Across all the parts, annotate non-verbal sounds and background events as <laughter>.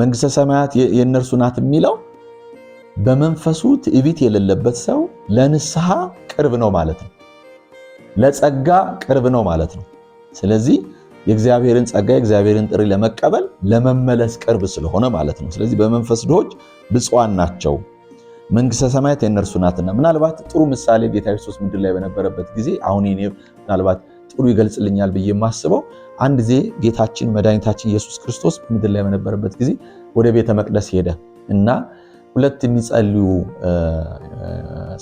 መንግስተ ሰማያት የእነርሱ ናት የሚለው በመንፈሱ ትዕቢት የሌለበት ሰው ለንስሐ ቅርብ ነው ማለት ነው። ለጸጋ ቅርብ ነው ማለት ነው። ስለዚህ የእግዚአብሔርን ጸጋ የእግዚአብሔርን ጥሪ ለመቀበል ለመመለስ ቅርብ ስለሆነ ማለት ነው። ስለዚህ በመንፈስ ድሆች ብፁዓን ናቸው መንግስተ ሰማያት የእነርሱ ናትና። ምናልባት ጥሩ ምሳሌ ጌታ ኢየሱስ ምድር ላይ በነበረበት ጊዜ አሁን ምናልባት ጥሩ ይገልጽልኛል ብዬ የማስበው አንድ ጊዜ ጌታችን መድኃኒታችን ኢየሱስ ክርስቶስ በምድር ላይ በነበረበት ጊዜ ወደ ቤተ መቅደስ ሄደ እና ሁለት የሚጸልዩ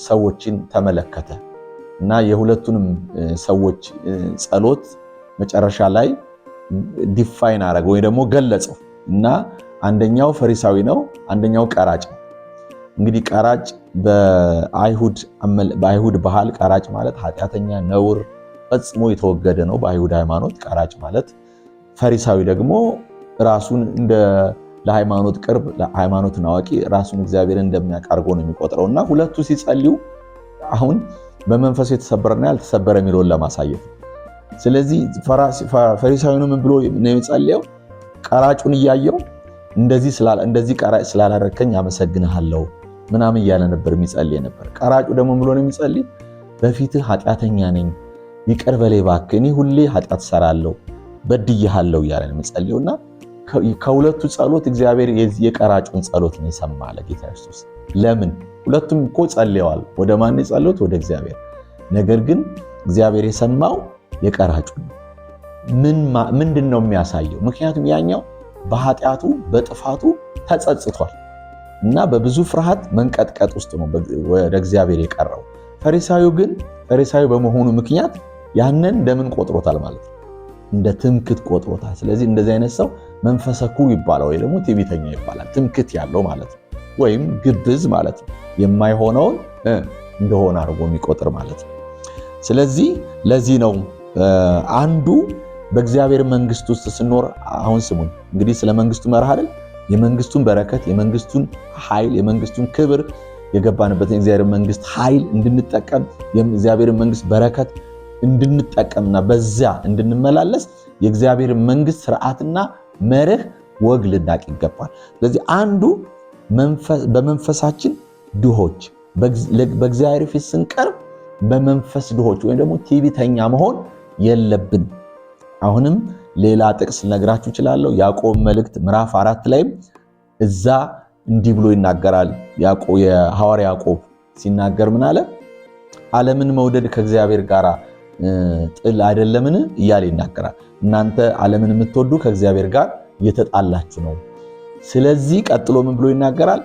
ሰዎችን ተመለከተ እና የሁለቱንም ሰዎች ጸሎት መጨረሻ ላይ ዲፋይን አረገ ወይ ደግሞ ገለጸው እና አንደኛው ፈሪሳዊ ነው፣ አንደኛው ቀራጭ ነው። እንግዲህ ቀራጭ በአይሁድ ባህል ቀራጭ ማለት ኃጢአተኛ፣ ነውር ፈጽሞ የተወገደ ነው በአይሁድ ሃይማኖት። ቀራጭ ማለት ፈሪሳዊ ደግሞ ራሱን እንደ ለሃይማኖት ቅርብ ሃይማኖትን አዋቂ ራሱን እግዚአብሔር እንደሚያቃርጎ ነው የሚቆጥረው እና ሁለቱ ሲጸልዩ አሁን በመንፈሱ የተሰበረና ያልተሰበረ የሚለውን ለማሳየት ስለዚህ ፈሪሳዊኑ ምን ብሎ ነው የሚጸልየው? ቀራጩን እያየው እንደዚህ ቀራጭ ስላላረከኝ አመሰግንሃለሁ ምናምን እያለ ነበር የሚጸልይ ነበር። ቀራጩ ደግሞ ብሎ ነው የሚጸልይ በፊትህ ኃጢአተኛ ነኝ ይቅር በለኝ እባክህ፣ እኔ ሁሌ ኃጢአት እሰራለሁ በድያለሁ እያለ ነው የሚጸልየውና ከሁለቱ ጸሎት እግዚአብሔር የቀራጩን ጸሎት ነው የሰማ አለ ጌታ ኢየሱስ። ለምን ሁለቱም እኮ ጸልየዋል። ወደ ማን ጸሎት? ወደ እግዚአብሔር። ነገር ግን እግዚአብሔር የሰማው የቀራጩ ነው። ምንድን ነው የሚያሳየው? ምክንያቱም ያኛው በኃጢአቱ በጥፋቱ ተጸጽቷል እና በብዙ ፍርሃት መንቀጥቀጥ ውስጥ ነው ወደ እግዚአብሔር የቀረው። ፈሪሳዩ ግን ፈሪሳዩ በመሆኑ ምክንያት ያንን እንደምን ቆጥሮታል ማለት ነው? እንደ ትምክት ቆጥሮታል። ስለዚህ እንደዚህ አይነት ሰው መንፈሰ ኩሩ ይባላል፣ ወይ ደግሞ ትዕቢተኛ ይባላል። ትምክት ያለው ማለት ነው፣ ወይም ግብዝ ማለት ነው። የማይሆነውን እንደሆነ አድርጎ የሚቆጥር ማለት ነው። ስለዚህ ለዚህ ነው አንዱ በእግዚአብሔር መንግስት ውስጥ ስኖር አሁን ስሙን እንግዲህ ስለ መንግስቱ መርህ አይደል የመንግስቱን በረከት፣ የመንግስቱን ኃይል፣ የመንግስቱን ክብር የገባንበትን የእግዚአብሔር መንግስት ኃይል እንድንጠቀም የእግዚአብሔር መንግስት በረከት እንድንጠቀምና በዚያ እንድንመላለስ የእግዚአብሔር መንግስት ስርዓትና መርህ ወግ ልናቅ ይገባል። ስለዚህ አንዱ በመንፈሳችን ድሆች፣ በእግዚአብሔር ፊት ስንቀርብ በመንፈስ ድሆች ወይም ደግሞ ቲቪተኛ መሆን የለብን። አሁንም ሌላ ጥቅስ ልነግራችሁ እችላለሁ። ያዕቆብ መልእክት ምዕራፍ አራት ላይም እዛ እንዲህ ብሎ ይናገራል። የሐዋር ያዕቆብ ሲናገር ምን አለ? ዓለምን መውደድ ከእግዚአብሔር ጋር ጥል አይደለምን እያለ ይናገራል። እናንተ ዓለምን የምትወዱ ከእግዚአብሔር ጋር የተጣላችሁ ነው። ስለዚህ ቀጥሎ ምን ብሎ ይናገራል?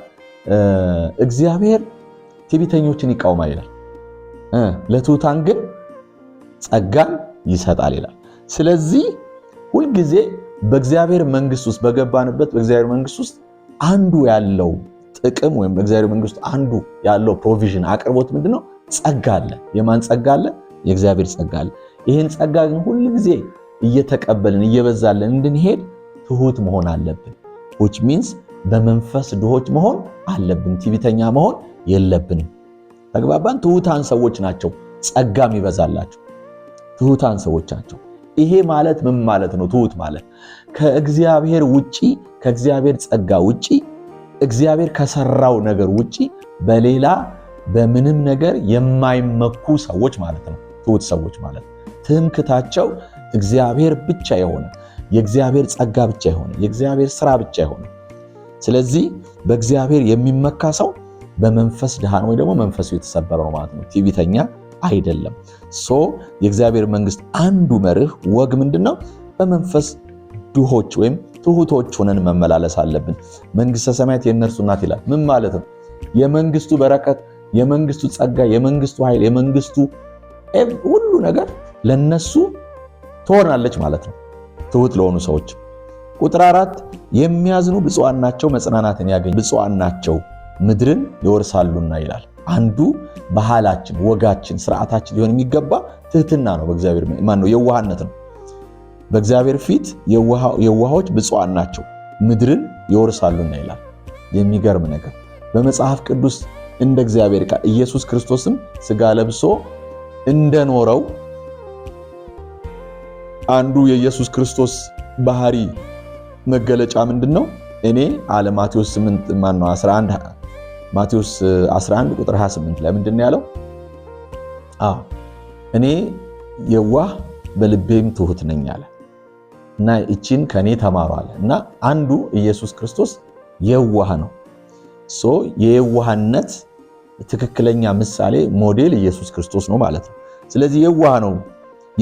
እግዚአብሔር ትዕቢተኞችን ይቃውማል ይላል፣ ለትሑታን ግን ጸጋን ይሰጣል ይላል። ስለዚህ ሁልጊዜ በእግዚአብሔር መንግስት ውስጥ በገባንበት በእግዚአብሔር መንግስት ውስጥ አንዱ ያለው ጥቅም ወይም በእግዚአብሔር መንግስት አንዱ ያለው ፕሮቪዥን አቅርቦት ምንድነው? ጸጋ አለ። የማን ጸጋ አለ? የእግዚአብሔር ጸጋ አለ። ይህን ጸጋ ግን ሁል ጊዜ እየተቀበልን እየበዛለን እንድንሄድ ትሁት መሆን አለብን። ዊች ሚንስ በመንፈስ ድሆች መሆን አለብን። ትዕቢተኛ መሆን የለብንም። ተግባባን። ትሁታን ሰዎች ናቸው ጸጋም ይበዛላቸው ትሁታን ሰዎች ናቸው። ይሄ ማለት ምን ማለት ነው? ትሁት ማለት ከእግዚአብሔር ውጪ ከእግዚአብሔር ጸጋ ውጪ እግዚአብሔር ከሰራው ነገር ውጪ በሌላ በምንም ነገር የማይመኩ ሰዎች ማለት ነው። ትሁት ሰዎች ማለት ትምክታቸው እግዚአብሔር ብቻ የሆነ የእግዚአብሔር ጸጋ ብቻ የሆነ የእግዚአብሔር ስራ ብቻ የሆነ ስለዚህ በእግዚአብሔር የሚመካ ሰው በመንፈስ ድሃን ወይ ደግሞ መንፈሱ የተሰበረ ነው ማለት ነው። ቲቪተኛ አይደለም። ሶ የእግዚአብሔር መንግስት አንዱ መርህ ወግ ምንድን ነው? በመንፈስ ድሆች ወይም ትሁቶች ሆነን መመላለስ አለብን። መንግስተ ሰማያት የእነርሱ ናት ይላል። ምን ማለት ነው? የመንግስቱ በረከት፣ የመንግስቱ ጸጋ፣ የመንግስቱ ኃይል፣ የመንግስቱ ሁሉ ነገር ለነሱ ትሆናለች ማለት ነው። ትሁት ለሆኑ ሰዎች ቁጥር አራት የሚያዝኑ ብፁዓን ናቸው መጽናናትን ያገኝ ብፁዓን ናቸው ምድርን ይወርሳሉና ይላል። አንዱ ባህላችን፣ ወጋችን፣ ስርዓታችን ሊሆን የሚገባ ትህትና ነው። በእግዚአብሔር ማነው የዋህነት ነው። በእግዚአብሔር ፊት የዋሆች ብፁዓን ናቸው ምድርን ይወርሳሉና ይላል። የሚገርም ነገር በመጽሐፍ ቅዱስ እንደ እግዚአብሔር ቃል ኢየሱስ ክርስቶስም ስጋ ለብሶ እንደኖረው አንዱ የኢየሱስ ክርስቶስ ባህሪ መገለጫ ምንድን ነው? እኔ አለ ማቴዎስ 8 ማን ነው 11 ማቴዎስ 11 ቁጥር 28 ላይ ምንድን ነው ያለው? አዎ እኔ የዋህ በልቤም ትሁት ነኝ አለ እና እቺን ከኔ ተማሩ አለ እና አንዱ ኢየሱስ ክርስቶስ የዋህ ነው። ሶ የዋህነት ትክክለኛ ምሳሌ ሞዴል ኢየሱስ ክርስቶስ ነው ማለት ነው። ስለዚህ የዋህ ነው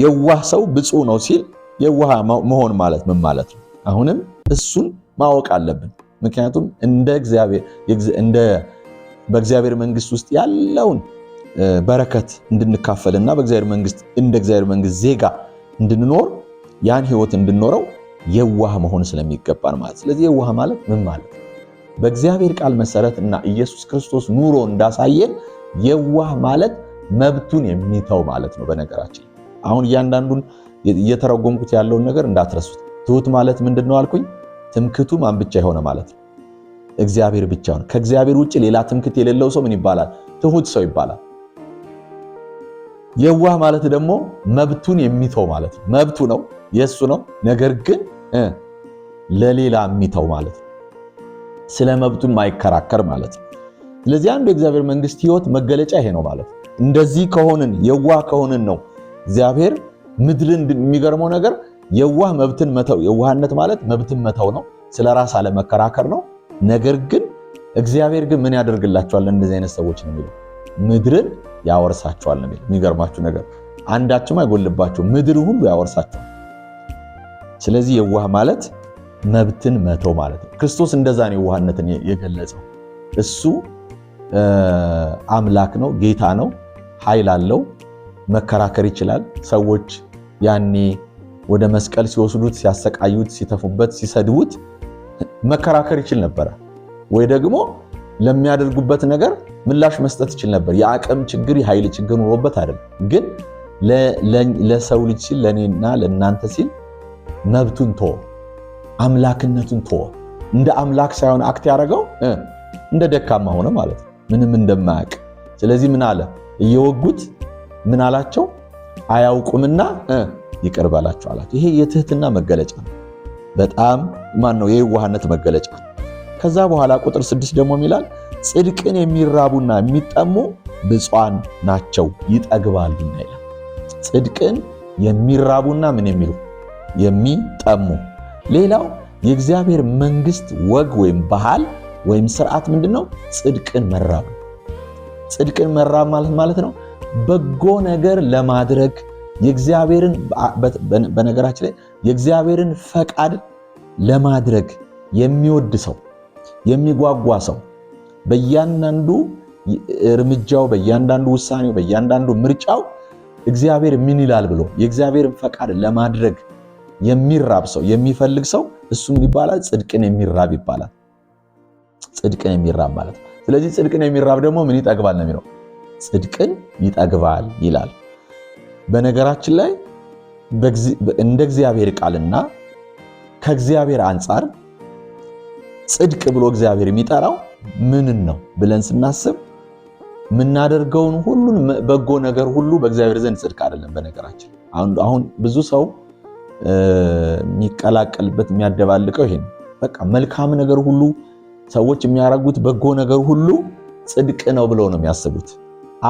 የዋህ ሰው ብፁዕ ነው ሲል የዋህ መሆን ማለት ምን ማለት ነው? አሁንም እሱን ማወቅ አለብን። ምክንያቱም እንደ በእግዚአብሔር መንግስት ውስጥ ያለውን በረከት እንድንካፈልና በእግዚአብሔር መንግስት እንደ እግዚአብሔር መንግስት ዜጋ እንድንኖር ያን ህይወት እንድንኖረው የዋህ መሆን ስለሚገባን ማለት ስለዚህ የዋህ ማለት ምን ማለት በእግዚአብሔር ቃል መሰረት እና ኢየሱስ ክርስቶስ ኑሮ እንዳሳየን የዋህ ማለት መብቱን የሚተው ማለት ነው። በነገራችን አሁን እያንዳንዱን እየተረጎምኩት ያለውን ነገር እንዳትረሱት። ትሁት ማለት ምንድን ነው አልኩኝ? ትምክቱ ማን ብቻ የሆነ ማለት ነው እግዚአብሔር ብቻውን። ከእግዚአብሔር ውጭ ሌላ ትምክት የሌለው ሰው ምን ይባላል? ትሁት ሰው ይባላል። የዋህ ማለት ደግሞ መብቱን የሚተው ማለት ነው። መብቱ ነው የእሱ ነው፣ ነገር ግን ለሌላ የሚተው ማለት ነው። ስለ መብቱ የማይከራከር ማለት ነው። ስለዚህ አንዱ የእግዚአብሔር መንግስት ህይወት መገለጫ ይሄ ነው ማለት ነው። እንደዚህ ከሆንን የዋህ ከሆንን ነው እግዚአብሔር ምድርን የሚገርመው ነገር የዋህ መብትን መተው የዋህነት ማለት መብትን መተው ነው። ስለ ራስ አለመከራከር ነው። ነገር ግን እግዚአብሔር ግን ምን ያደርግላቸዋል? እንደዚህ አይነት ሰዎች ነው የሚለው ምድርን ያወርሳቸዋል ነው የሚለው። የሚገርማችሁ ነገር አንዳችሁም አይጎልባችሁ፣ ምድር ሁሉ ያወርሳቸዋል። ስለዚህ የዋህ ማለት መብትን መተው ማለት ነው። ክርስቶስ እንደዛ ነው የዋህነትን የገለጸው። እሱ አምላክ ነው፣ ጌታ ነው፣ ኃይል አለው፣ መከራከር ይችላል። ሰዎች ያኔ ወደ መስቀል ሲወስዱት፣ ሲያሰቃዩት፣ ሲተፉበት፣ ሲሰድቡት መከራከር ይችል ነበረ ወይ ደግሞ ለሚያደርጉበት ነገር ምላሽ መስጠት ይችል ነበር። የአቅም ችግር የኃይል ችግር ኖሮበት አይደለም። ግን ለሰው ልጅ ሲል ለእኔና ለእናንተ ሲል መብቱን ተወ። አምላክነቱን ተወ። እንደ አምላክ ሳይሆን አክት ያደረገው እንደ ደካማ ሆነ ማለት ነው፣ ምንም እንደማያውቅ። ስለዚህ ምን አለ? እየወጉት ምን አላቸው? አያውቁምና ይቅር በላቸው አላቸው። ይሄ የትህትና መገለጫ ነው። በጣም ማን ነው? የዋህነት መገለጫ ነው። ከዛ በኋላ ቁጥር ስድስት ደግሞ የሚላል ጽድቅን የሚራቡና የሚጠሙ ብፁዓን ናቸው ይጠግባሉና ይላል። ጽድቅን የሚራቡና ምን የሚሉ የሚጠሙ ሌላው የእግዚአብሔር መንግስት ወግ ወይም ባህል ወይም ስርዓት ምንድን ነው? ጽድቅን መራብ። ጽድቅን መራብ ማለት ማለት ነው በጎ ነገር ለማድረግ የእግዚአብሔርን በነገራችን ላይ የእግዚአብሔርን ፈቃድ ለማድረግ የሚወድ ሰው የሚጓጓ ሰው በእያንዳንዱ እርምጃው በእያንዳንዱ ውሳኔው በእያንዳንዱ ምርጫው እግዚአብሔር ምን ይላል ብሎ የእግዚአብሔርን ፈቃድ ለማድረግ የሚራብ ሰው የሚፈልግ ሰው እሱ ምን ይባላል? ጽድቅን የሚራብ ይባላል። ጽድቅን የሚራብ ማለት ነው። ስለዚህ ጽድቅን የሚራብ ደግሞ ምን ይጠግባል ነው የሚለው፣ ጽድቅን ይጠግባል ይላል። በነገራችን ላይ እንደ እግዚአብሔር ቃልና ከእግዚአብሔር አንጻር ጽድቅ ብሎ እግዚአብሔር የሚጠራው ምንን ነው ብለን ስናስብ የምናደርገውን ሁሉን በጎ ነገር ሁሉ በእግዚአብሔር ዘንድ ጽድቅ አይደለም። በነገራችን አሁን ብዙ ሰው የሚቀላቀልበት የሚያደባልቀው ይሄ በቃ መልካም ነገር ሁሉ ሰዎች የሚያደርጉት በጎ ነገር ሁሉ ጽድቅ ነው ብለው ነው የሚያስቡት።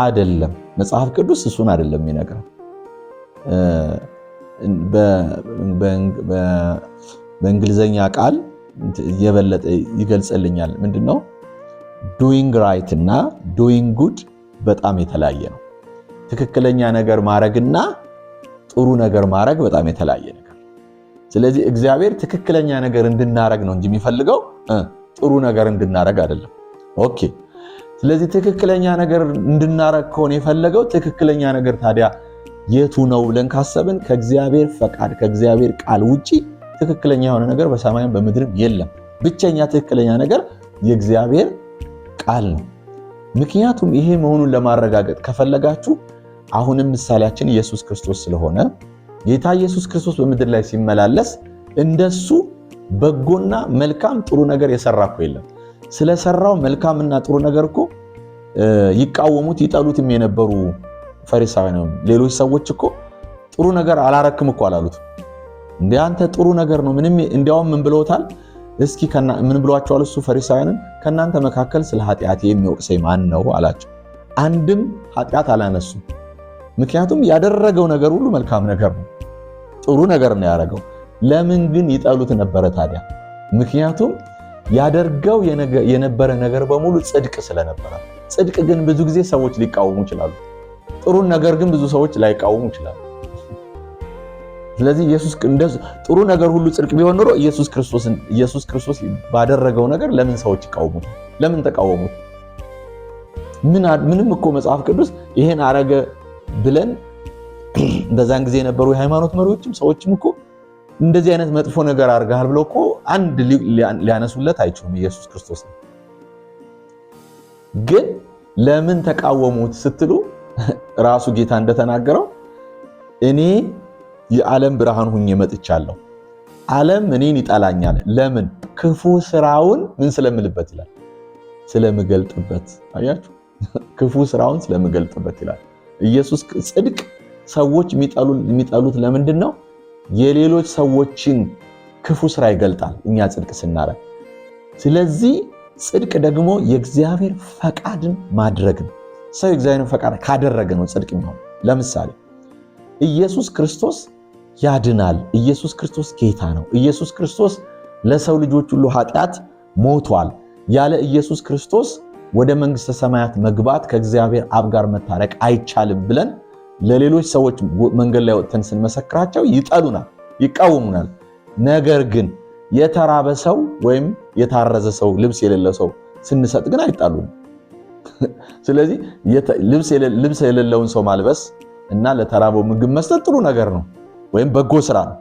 አይደለም መጽሐፍ ቅዱስ እሱን አይደለም የሚነግረው። በእንግሊዘኛ ቃል የበለጠ ይገልጽልኛል። ምንድነው ዱዊንግ ራይት እና ዱዊንግ ጉድ በጣም የተለያየ ነው። ትክክለኛ ነገር ማድረግና ጥሩ ነገር ማድረግ በጣም የተለያየ ነው። ስለዚህ እግዚአብሔር ትክክለኛ ነገር እንድናረግ ነው እንጂ የሚፈልገው ጥሩ ነገር እንድናረግ አይደለም። ኦኬ። ስለዚህ ትክክለኛ ነገር እንድናረግ ከሆነ የፈለገው ትክክለኛ ነገር ታዲያ የቱ ነው ብለን ካሰብን ከእግዚአብሔር ፈቃድ ከእግዚአብሔር ቃል ውጪ ትክክለኛ የሆነ ነገር በሰማይም በምድርም የለም። ብቸኛ ትክክለኛ ነገር የእግዚአብሔር ቃል ነው። ምክንያቱም ይሄ መሆኑን ለማረጋገጥ ከፈለጋችሁ አሁንም ምሳሌያችን ኢየሱስ ክርስቶስ ስለሆነ ጌታ ኢየሱስ ክርስቶስ በምድር ላይ ሲመላለስ እንደሱ በጎና መልካም ጥሩ ነገር የሰራ እኮ የለም። ስለሰራው መልካምና ጥሩ ነገር እኮ ይቃወሙት ይጠሉትም የነበሩ ፈሪሳውያን፣ ሌሎች ሰዎች እኮ ጥሩ ነገር አላረክም እኮ አላሉት። እንደ አንተ ጥሩ ነገር ነው ምንም። እንዲያውም ምን ብለውታል? እስኪ ምን ብሏቸዋል? እሱ ፈሪሳውያንን ከእናንተ መካከል ስለ ኃጢአት የሚወቅሰኝ ማን ነው አላቸው። አንድም ኃጢአት አላነሱም። ምክንያቱም ያደረገው ነገር ሁሉ መልካም ነገር ነው፣ ጥሩ ነገር ነው ያደረገው። ለምን ግን ይጠሉት ነበረ ታዲያ? ምክንያቱም ያደርገው የነበረ ነገር በሙሉ ጽድቅ ስለነበረ። ጽድቅ ግን ብዙ ጊዜ ሰዎች ሊቃወሙ ይችላሉ። ጥሩን ነገር ግን ብዙ ሰዎች ላይቃወሙ ይችላሉ። ስለዚህ ኢየሱስ ጥሩ ነገር ሁሉ ጽድቅ ቢሆን ኖሮ ኢየሱስ ክርስቶስ ባደረገው ነገር ለምን ሰዎች ይቃወሙት? ለምን ተቃወሙት? ምንም እኮ መጽሐፍ ቅዱስ ይሄን አረገ ብለን በዛን ጊዜ የነበሩ የሃይማኖት መሪዎችም ሰዎችም እኮ እንደዚህ አይነት መጥፎ ነገር አድርገሃል ብለው እኮ አንድ ሊያነሱለት አይችሉም። ኢየሱስ ክርስቶስ ነው። ግን ለምን ተቃወሙት ስትሉ ራሱ ጌታ እንደተናገረው እኔ የዓለም ብርሃን ሁኜ መጥቻለሁ፣ ዓለም እኔን ይጠላኛል። ለምን ክፉ ስራውን ምን ስለምልበት ይላል፣ ስለምገልጥበት። አያችሁ፣ ክፉ ስራውን ስለምገልጥበት ይላል። ኢየሱስ ጽድቅ ሰዎች የሚጠሉት ለምንድን ነው? የሌሎች ሰዎችን ክፉ ስራ ይገልጣል እኛ ጽድቅ ስናረግ። ስለዚህ ጽድቅ ደግሞ የእግዚአብሔር ፈቃድን ማድረግ ነው። ሰው የእግዚአብሔርን ፈቃድ ካደረገ ነው ጽድቅ የሚሆን። ለምሳሌ ኢየሱስ ክርስቶስ ያድናል። ኢየሱስ ክርስቶስ ጌታ ነው። ኢየሱስ ክርስቶስ ለሰው ልጆች ሁሉ ኃጢአት ሞቷል። ያለ ኢየሱስ ክርስቶስ ወደ መንግስተ ሰማያት መግባት ከእግዚአብሔር አብ ጋር መታረቅ አይቻልም ብለን ለሌሎች ሰዎች መንገድ ላይ ወጥተን ስንመሰክራቸው ይጠሉናል፣ ይቃወሙናል። ነገር ግን የተራበ ሰው ወይም የታረዘ ሰው ልብስ የሌለ ሰው ስንሰጥ ግን አይጣሉም። <laughs> ስለዚህ ልብስ የሌለውን ሰው ማልበስ እና ለተራበው ምግብ መስጠት ጥሩ ነገር ነው ወይም በጎ ስራ ነው።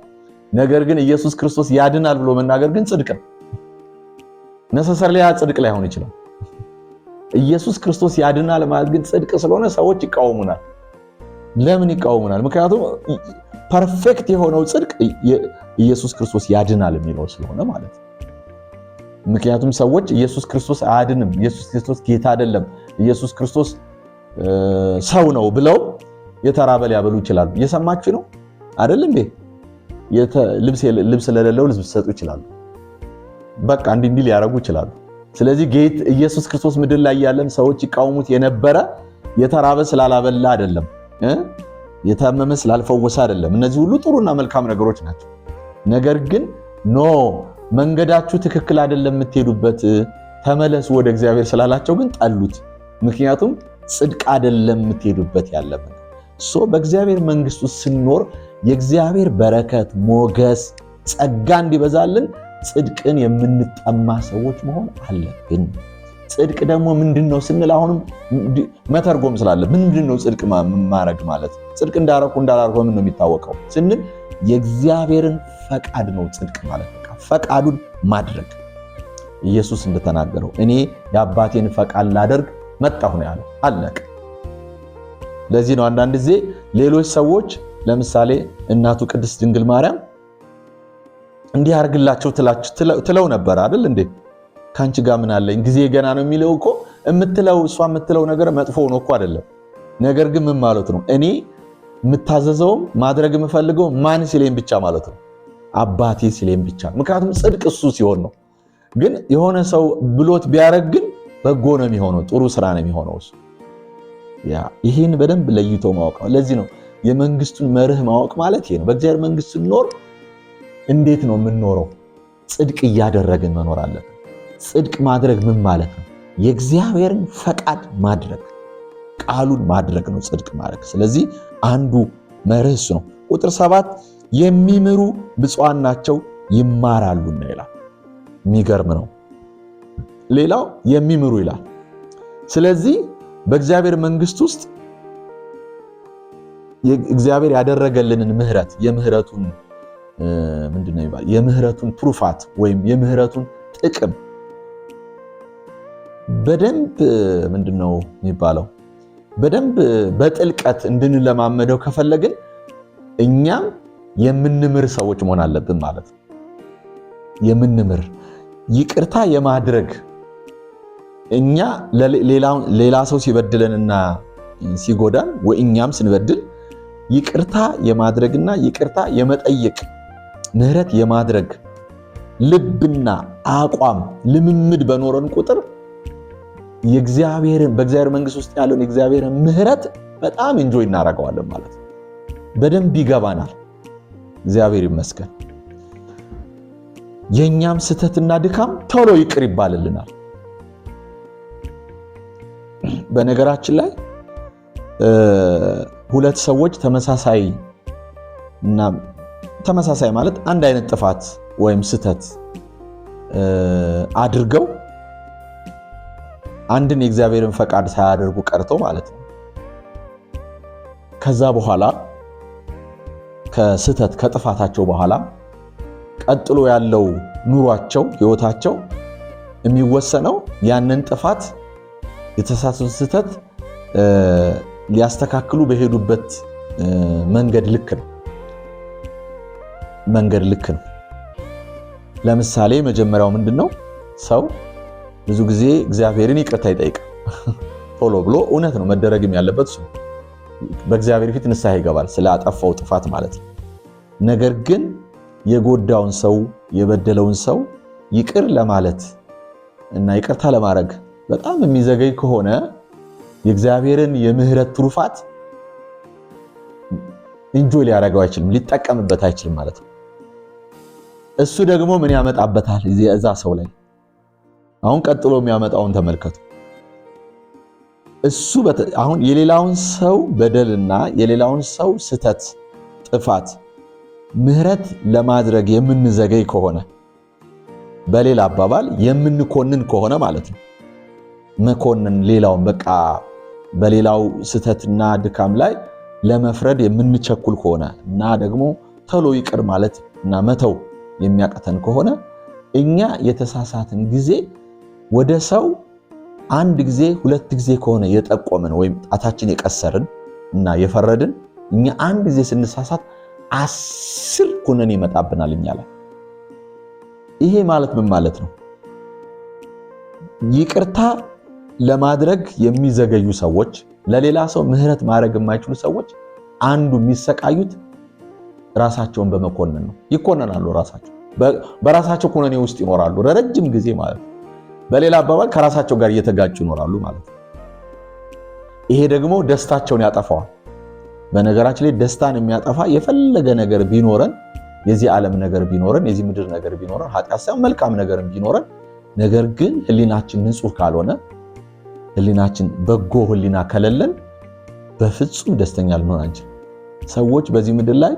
ነገር ግን ኢየሱስ ክርስቶስ ያድናል ብሎ መናገር ግን ጽድቅ ነው። ነሰሰር ሌላ ጽድቅ ላይሆን ይችላል። ኢየሱስ ክርስቶስ ያድናል ማለት ግን ጽድቅ ስለሆነ ሰዎች ይቃወሙናል። ለምን ይቃወሙናል? ምክንያቱም ፐርፌክት የሆነው ጽድቅ ኢየሱስ ክርስቶስ ያድናል የሚለው ስለሆነ ማለት ነው። ምክንያቱም ሰዎች ኢየሱስ ክርስቶስ አያድንም፣ ኢየሱስ ክርስቶስ ጌታ አይደለም፣ ኢየሱስ ክርስቶስ ሰው ነው ብለው የተራበ ሊያበሉ ይችላሉ። እየሰማችሁ ነው አይደል እንዴ? ልብስ ለሌለው ልብስ ሊሰጡ ይችላሉ። በቃ እንዲህ እንዲህ ሊያደርጉ ይችላሉ። ስለዚህ ጌት ኢየሱስ ክርስቶስ ምድር ላይ ያለን ሰዎች ይቃወሙት የነበረ የተራበ ስላላበላ አይደለም፣ የታመመ ስላልፈወሰ አይደለም። እነዚህ ሁሉ ጥሩና መልካም ነገሮች ናቸው። ነገር ግን ኖ መንገዳችሁ ትክክል አይደለም፣ የምትሄዱበት ተመለሱ ወደ እግዚአብሔር ስላላቸው ግን ጠሉት። ምክንያቱም ጽድቅ አይደለም የምትሄዱበት ያለምን ሶ በእግዚአብሔር መንግስት ውስጥ ስንኖር የእግዚአብሔር በረከት፣ ሞገስ፣ ጸጋ እንዲበዛልን ጽድቅን የምንጠማ ሰዎች መሆን አለብን። ጽድቅ ደግሞ ምንድን ነው ስንል አሁንም መተርጎም ስላለ ምንድን ነው ጽድቅ ማድረግ ማለት ጽድቅ እንዳረኩ እንዳላረኩ ምን ነው የሚታወቀው ስንል የእግዚአብሔርን ፈቃድ ነው ጽድቅ ማለት በቃ ፈቃዱን ማድረግ ኢየሱስ እንደተናገረው እኔ የአባቴን ፈቃድ ላደርግ መጣሁ ነው ያለው። አለቅ ለዚህ ነው አንዳንድ ጊዜ ሌሎች ሰዎች ለምሳሌ እናቱ ቅድስት ድንግል ማርያም እንዲህ አርግላቸው ትለው ነበር አይደል እንዴ? ከአንቺ ጋር ምን አለኝ ጊዜ ገና ነው የሚለው እኮ የምትለው እሷ የምትለው ነገር መጥፎ ነው እኮ አይደለም። ነገር ግን ምን ማለት ነው እኔ የምታዘዘውም ማድረግ የምፈልገው ማን ሲለኝ ብቻ ማለት ነው አባቴ ሲለኝ ብቻ። ምክንያቱም ጽድቅ እሱ ሲሆን ነው። ግን የሆነ ሰው ብሎት ቢያደርግ ግን በጎ ነው የሚሆነው፣ ጥሩ ስራ ነው የሚሆነው ያ ይህን በደንብ ለይቶ ማወቅ ነው። ለዚህ ነው የመንግስቱን መርህ ማወቅ ማለት ይሄ ነው። በእግዚአብሔር መንግስት ስንኖር እንዴት ነው የምንኖረው? ጽድቅ እያደረግን መኖር አለብን። ጽድቅ ማድረግ ምን ማለት ነው? የእግዚአብሔርን ፈቃድ ማድረግ ቃሉን ማድረግ ነው ጽድቅ ማድረግ። ስለዚህ አንዱ መርህስ ነው። ቁጥር ሰባት የሚምሩ ብፁዓን ናቸው ይማራሉና ይላል። የሚገርም ነው። ሌላው የሚምሩ ይላል። ስለዚህ በእግዚአብሔር መንግስት ውስጥ እግዚአብሔር ያደረገልንን ምህረት የምህረቱን ምንድን ነው የምህረቱን ትሩፋት ወይም የምህረቱን ጥቅም በደንብ ምንድን ነው የሚባለው በደንብ በጥልቀት እንድንለማመደው ከፈለግን እኛም የምንምር ሰዎች መሆን አለብን ማለት ነው። የምንምር ይቅርታ የማድረግ እኛ ሌላ ሰው ሲበድለንና ሲጎዳን ወይ እኛም ስንበድል ይቅርታ የማድረግና ይቅርታ የመጠየቅ ምህረት የማድረግ ልብና አቋም ልምምድ በኖረን ቁጥር የእግዚአብሔርን በእግዚአብሔር መንግስት ውስጥ ያለውን የእግዚአብሔርን ምህረት በጣም እንጆይ እናደርገዋለን ማለት ነው። በደንብ ይገባናል። እግዚአብሔር ይመስገን። የእኛም ስህተትና ድካም ቶሎ ይቅር ይባልልናል። በነገራችን ላይ ሁለት ሰዎች ተመሳሳይ እና ተመሳሳይ ማለት አንድ አይነት ጥፋት ወይም ስህተት አድርገው አንድን የእግዚአብሔርን ፈቃድ ሳያደርጉ ቀርቶ ማለት ነው። ከዛ በኋላ ከስህተት ከጥፋታቸው በኋላ ቀጥሎ ያለው ኑሯቸው ህይወታቸው የሚወሰነው ያንን ጥፋት የተሳሱን ስህተት ሊያስተካክሉ በሄዱበት መንገድ ልክ ነው። መንገድ ልክ ነው። ለምሳሌ መጀመሪያው ምንድን ነው? ሰው ብዙ ጊዜ እግዚአብሔርን ይቅርታ ይጠይቃል <laughs> ቶሎ ብሎ። እውነት ነው መደረግም ያለበት እሱ በእግዚአብሔር ፊት ንስሐ ይገባል ስለ አጠፋው ጥፋት ማለት ነው። ነገር ግን የጎዳውን ሰው የበደለውን ሰው ይቅር ለማለት እና ይቅርታ ለማድረግ በጣም የሚዘገይ ከሆነ የእግዚአብሔርን የምህረት ትሩፋት እንጆይ ሊያደርገው አይችልም፣ ሊጠቀምበት አይችልም ማለት ነው። እሱ ደግሞ ምን ያመጣበታል? እዛ ሰው ላይ አሁን ቀጥሎ የሚያመጣውን ተመልከቱ። እሱ አሁን የሌላውን ሰው በደልና የሌላውን ሰው ስተት፣ ጥፋት ምህረት ለማድረግ የምንዘገይ ከሆነ በሌላ አባባል የምንኮንን ከሆነ ማለት ነው። መኮንን ሌላውን በቃ በሌላው ስተትና ድካም ላይ ለመፍረድ የምንቸኩል ከሆነ እና ደግሞ ቶሎ ይቅር ማለት እና መተው የሚያቅተን ከሆነ እኛ የተሳሳትን ጊዜ ወደ ሰው አንድ ጊዜ ሁለት ጊዜ ከሆነ የጠቆምን ወይም ጣታችን የቀሰርን እና የፈረድን እኛ አንድ ጊዜ ስንሳሳት አስር ኩነን ይመጣብናል እኛ ላይ። ይሄ ማለት ምን ማለት ነው? ይቅርታ ለማድረግ የሚዘገዩ ሰዎች፣ ለሌላ ሰው ምህረት ማድረግ የማይችሉ ሰዎች አንዱ የሚሰቃዩት ራሳቸውን በመኮንን ነው። ይኮነናሉ። ራሳቸው በራሳቸው ኩነኔ ውስጥ ይኖራሉ ለረጅም ጊዜ ማለት ነው። በሌላ አባባል ከራሳቸው ጋር እየተጋጩ ይኖራሉ ማለት ነው። ይሄ ደግሞ ደስታቸውን ያጠፋዋል። በነገራችን ላይ ደስታን የሚያጠፋ የፈለገ ነገር ቢኖረን የዚህ ዓለም ነገር ቢኖረን የዚህ ምድር ነገር ቢኖረን ኃጢአት ሳይሆን መልካም ነገርም ቢኖረን ነገር ግን ህሊናችን ንጹህ ካልሆነ ህሊናችን በጎ ህሊና ከሌለን በፍጹም ደስተኛ ልንሆን አንችል። ሰዎች በዚህ ምድር ላይ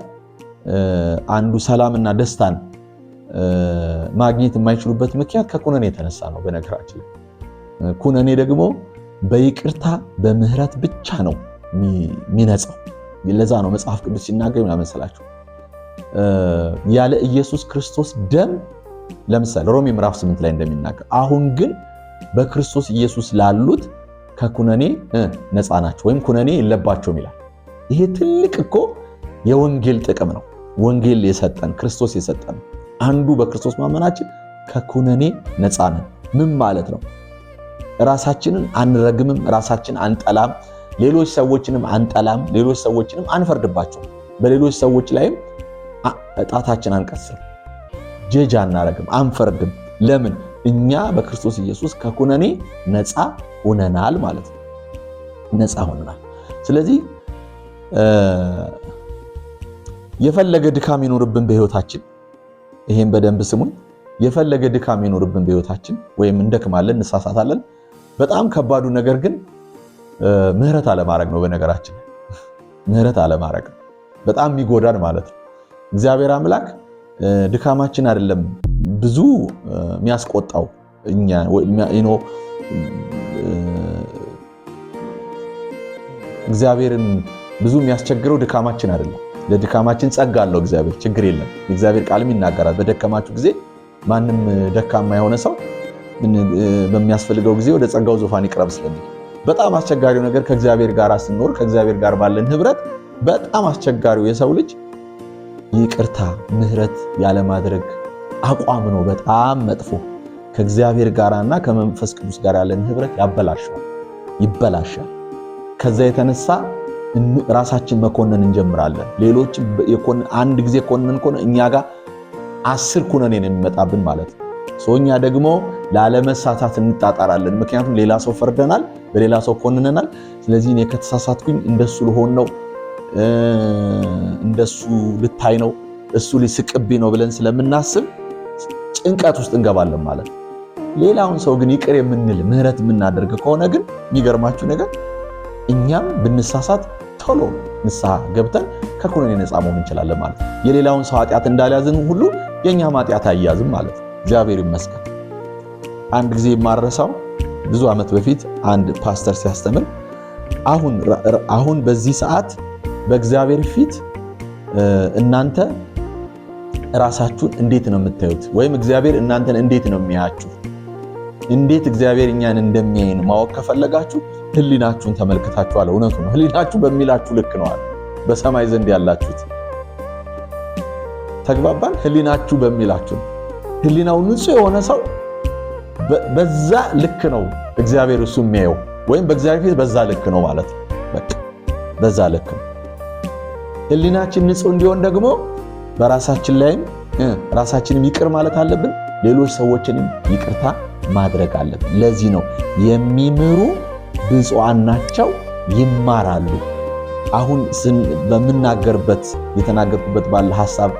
አንዱ ሰላምና ደስታን ማግኘት የማይችሉበት ምክንያት ከኩነኔ የተነሳ ነው። በነገራችን ኩነኔ ደግሞ በይቅርታ በምህረት ብቻ ነው የሚነጻው። ለዛ ነው መጽሐፍ ቅዱስ ሲናገር ምናምን ያለ ኢየሱስ ክርስቶስ ደም ለምሳሌ ሮሜ ምዕራፍ 8 ላይ እንደሚናገር አሁን ግን በክርስቶስ ኢየሱስ ላሉት ከኩነኔ ነፃ ናቸው ወይም ኩነኔ የለባቸውም ይላል። ይሄ ትልቅ እኮ የወንጌል ጥቅም ነው። ወንጌል የሰጠን ክርስቶስ የሰጠን አንዱ በክርስቶስ ማመናችን ከኩነኔ ነፃ ነን። ምን ማለት ነው? ራሳችንን አንረግምም፣ ራሳችን አንጠላም፣ ሌሎች ሰዎችንም አንጠላም፣ ሌሎች ሰዎችንም አንፈርድባቸው በሌሎች ሰዎች ላይም እጣታችን አንቀስርም፣ ጀጅ አናረግም፣ አንፈርድም። ለምን? እኛ በክርስቶስ ኢየሱስ ከኩነኔ ነፃ ሆነናል ማለት ነው። ነፃ ሆነናል። ስለዚህ የፈለገ ድካም ይኖርብን በህይወታችን፣ ይሄን በደንብ ስሙን። የፈለገ ድካም ይኖርብን በህይወታችን፣ ወይም እንደክማለን፣ እንሳሳታለን። በጣም ከባዱ ነገር ግን ምህረት አለማድረግ ነው። በነገራችን ምህረት አለማድረግ በጣም የሚጎዳን ማለት ነው። እግዚአብሔር አምላክ ድካማችን አይደለም ብዙ የሚያስቆጣው እግዚአብሔርን ብዙ የሚያስቸግረው ድካማችን አይደለም። ለድካማችን ጸጋ አለው እግዚአብሔር። ችግር የለም። የእግዚአብሔር ቃልም ይናገራል። በደከማችሁ ጊዜ ማንም ደካማ የሆነ ሰው በሚያስፈልገው ጊዜ ወደ ጸጋው ዙፋን ይቅረብ ስለሚል በጣም አስቸጋሪው ነገር ከእግዚአብሔር ጋር ስንኖር ከእግዚአብሔር ጋር ባለን ህብረት በጣም አስቸጋሪው የሰው ልጅ ይቅርታ፣ ምህረት ያለማድረግ አቋም ነው። በጣም መጥፎ ከእግዚአብሔር እና ከመንፈስ ቅዱስ ጋር ያለን ህብረት ያበላሸዋል፣ ይበላሻል። ከዛ የተነሳ ራሳችን መኮንን እንጀምራለን። ሌሎች አንድ ጊዜ ኮንን ከሆነ እኛ ጋር አስር ኩነኔ ነው የሚመጣብን ማለት ነው። እኛ ደግሞ ላለመሳሳት እንጣጣራለን። ምክንያቱም ሌላ ሰው ፈርደናል፣ በሌላ ሰው ኮንነናል። ስለዚህ እኔ ከተሳሳትኩኝ እንደሱ ልሆን ነው፣ እንደሱ ልታይ ነው፣ እሱ ሊስቅብኝ ነው ብለን ስለምናስብ ጭንቀት ውስጥ እንገባለን ማለት ነው። ሌላውን ሰው ግን ይቅር የምንል ምህረት የምናደርግ ከሆነ ግን የሚገርማችሁ ነገር እኛም ብንሳሳት ቶሎ ንስሐ ገብተን ከኩነኔ ነፃ መሆን እንችላለን ማለት ነው። የሌላውን ሰው ኃጢአት እንዳልያዝን ሁሉ የእኛም ኃጢአት አያዝም ማለት ነው። እግዚአብሔር ይመስገን። አንድ ጊዜ የማረሳው ብዙ ዓመት በፊት አንድ ፓስተር ሲያስተምር አሁን በዚህ ሰዓት በእግዚአብሔር ፊት እናንተ ራሳችሁን እንዴት ነው የምታዩት? ወይም እግዚአብሔር እናንተን እንዴት ነው የሚያያችሁ? እንዴት እግዚአብሔር እኛን እንደሚያይን ማወቅ ከፈለጋችሁ ህሊናችሁን ተመልክታችኋል። እውነቱ ነው። ህሊናችሁ በሚላችሁ ልክ ነዋል። በሰማይ ዘንድ ያላችሁት ተግባባን። ህሊናችሁ በሚላችሁ ህሊናው ንጹሕ የሆነ ሰው በዛ ልክ ነው እግዚአብሔር እሱ የሚያየው ወይም በእግዚአብሔር ፊት በዛ ልክ ነው ማለት ነው። በዛ ልክ ነው። ህሊናችን ንጹሕ እንዲሆን ደግሞ በራሳችን ላይም ራሳችንም ይቅር ማለት አለብን። ሌሎች ሰዎችንም ይቅርታ ማድረግ አለብን። ለዚህ ነው የሚምሩ ብፁዓን ናቸው ይማራሉ። አሁን በምናገርበት የተናገርኩበት ባለ ሀሳብ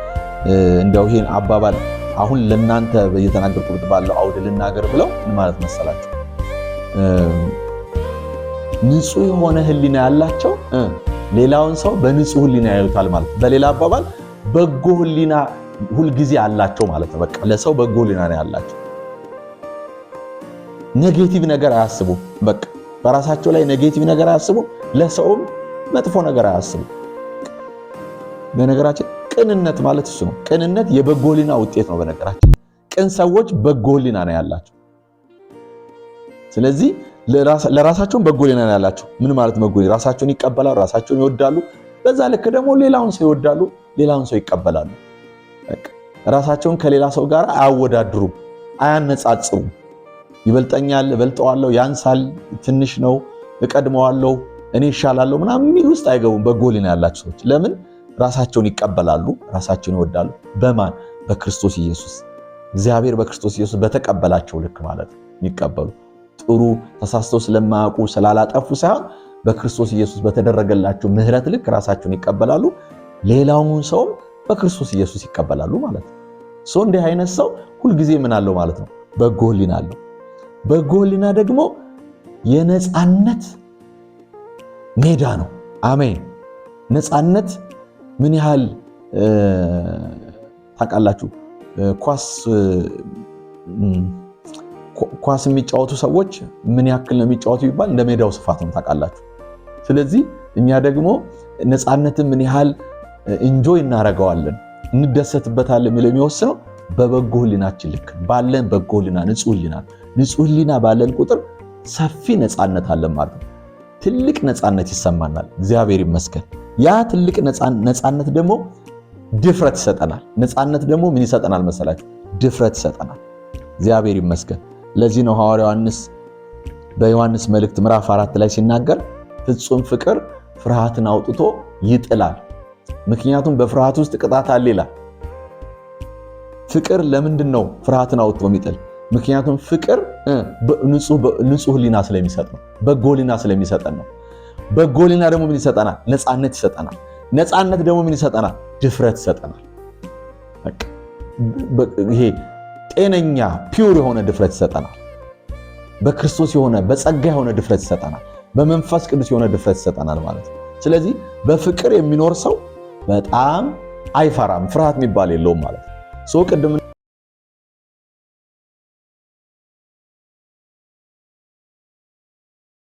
እንዲያው ይሄን አባባል አሁን ለእናንተ እየተናገርኩበት ባለው አውድ ልናገር ብለው ምን ማለት መሰላቸው ንጹህ የሆነ ህሊና ያላቸው ሌላውን ሰው በንጹህ ህሊና ያዩታል ማለት በሌላ አባባል በጎ ሕሊና ሁልጊዜ አላቸው ማለት ነው። በቃ ለሰው በጎ ህሊና ነው ያላቸው። ኔጌቲቭ ነገር አያስቡ በቃ በራሳቸው ላይ ኔጌቲቭ ነገር አያስቡ፣ ለሰውም መጥፎ ነገር አያስቡ። በነገራችን ቅንነት ማለት እሱ ነው። ቅንነት የበጎሊና ውጤት ነው። በነገራችን ቅን ሰዎች በጎሊና ነው ያላቸው። ስለዚህ ለራሳቸውን በጎሊና ነው ያላቸው። ምን ማለት በጎሊና? ራሳቸውን ይቀበላሉ፣ ራሳቸውን ይወዳሉ። በዛ ልክ ደግሞ ሌላውን ሰው ይወዳሉ፣ ሌላውን ሰው ይቀበላሉ። ራሳቸውን ከሌላ ሰው ጋር አያወዳድሩም፣ አያነጻጽሩም። ይበልጠኛል፣ እበልጠዋለሁ፣ ያንሳል፣ ትንሽ ነው፣ እቀድመዋለሁ፣ እኔ ይሻላለሁ ምናምን የሚል ውስጥ አይገቡም። በጎሊና ያላቸው ሰዎች ለምን ራሳቸውን ይቀበላሉ፣ ራሳቸውን ይወዳሉ። በማን በክርስቶስ ኢየሱስ እግዚአብሔር በክርስቶስ ኢየሱስ በተቀበላቸው ልክ ማለት የሚቀበሉ ጥሩ ተሳስተው ስለማያውቁ ስላላጠፉ ሳይሆን በክርስቶስ ኢየሱስ በተደረገላቸው ምሕረት ልክ ራሳቸውን ይቀበላሉ። ሌላውን ሰውም በክርስቶስ ኢየሱስ ይቀበላሉ ማለት ነው። ሰው እንዲህ አይነት ሰው ሁልጊዜ ምን አለው ማለት ነው? በጎ ሕሊና አለው። በጎ ህሊና ደግሞ የነፃነት ሜዳ ነው። አሜን። ነፃነት ምን ያህል ታውቃላችሁ? ኳስ የሚጫወቱ ሰዎች ምን ያክል ነው የሚጫወቱ ቢባል እንደ ሜዳው ስፋት ነው ታውቃላችሁ። ስለዚህ እኛ ደግሞ ነፃነትን ምን ያህል እንጆይ እናደርገዋለን፣ እንደሰትበታለን የሚለው የሚወስነው በበጎ ህሊናችን ልክ ባለን በጎ ህሊና ንጹህ ህሊና ንጹህ ህሊና ባለን ቁጥር ሰፊ ነፃነት አለን ማለት ነው። ትልቅ ነፃነት ይሰማናል። እግዚአብሔር ይመስገን። ያ ትልቅ ነፃነት ደግሞ ድፍረት ይሰጠናል። ነፃነት ደግሞ ምን ይሰጠናል መሰላችሁ? ድፍረት ይሰጠናል። እግዚአብሔር ይመስገን። ለዚህ ነው ሐዋርያ ዮሐንስ በዮሐንስ መልእክት ምዕራፍ አራት ላይ ሲናገር ፍጹም ፍቅር ፍርሃትን አውጥቶ ይጥላል፣ ምክንያቱም በፍርሃት ውስጥ ቅጣት አለ ይላል። ፍቅር ለምንድን ነው ፍርሃትን አውጥቶ የሚጥል? ምክንያቱም ፍቅር ንጹህ ሕሊና ስለሚሰጥ ነው። በጎ ሕሊና ስለሚሰጠን ነው። በጎ ሕሊና ደግሞ ምን ይሰጠናል? ነፃነት ይሰጠናል። ነፃነት ደግሞ ምን ይሰጠናል? ድፍረት ይሰጠናል። ይሄ ጤነኛ ፒውር የሆነ ድፍረት ይሰጠናል። በክርስቶስ የሆነ በጸጋ የሆነ ድፍረት ይሰጠናል። በመንፈስ ቅዱስ የሆነ ድፍረት ይሰጠናል ማለት ነው። ስለዚህ በፍቅር የሚኖር ሰው በጣም አይፈራም፣ ፍርሃት የሚባል የለውም ማለት ነው። ሶ ቅድም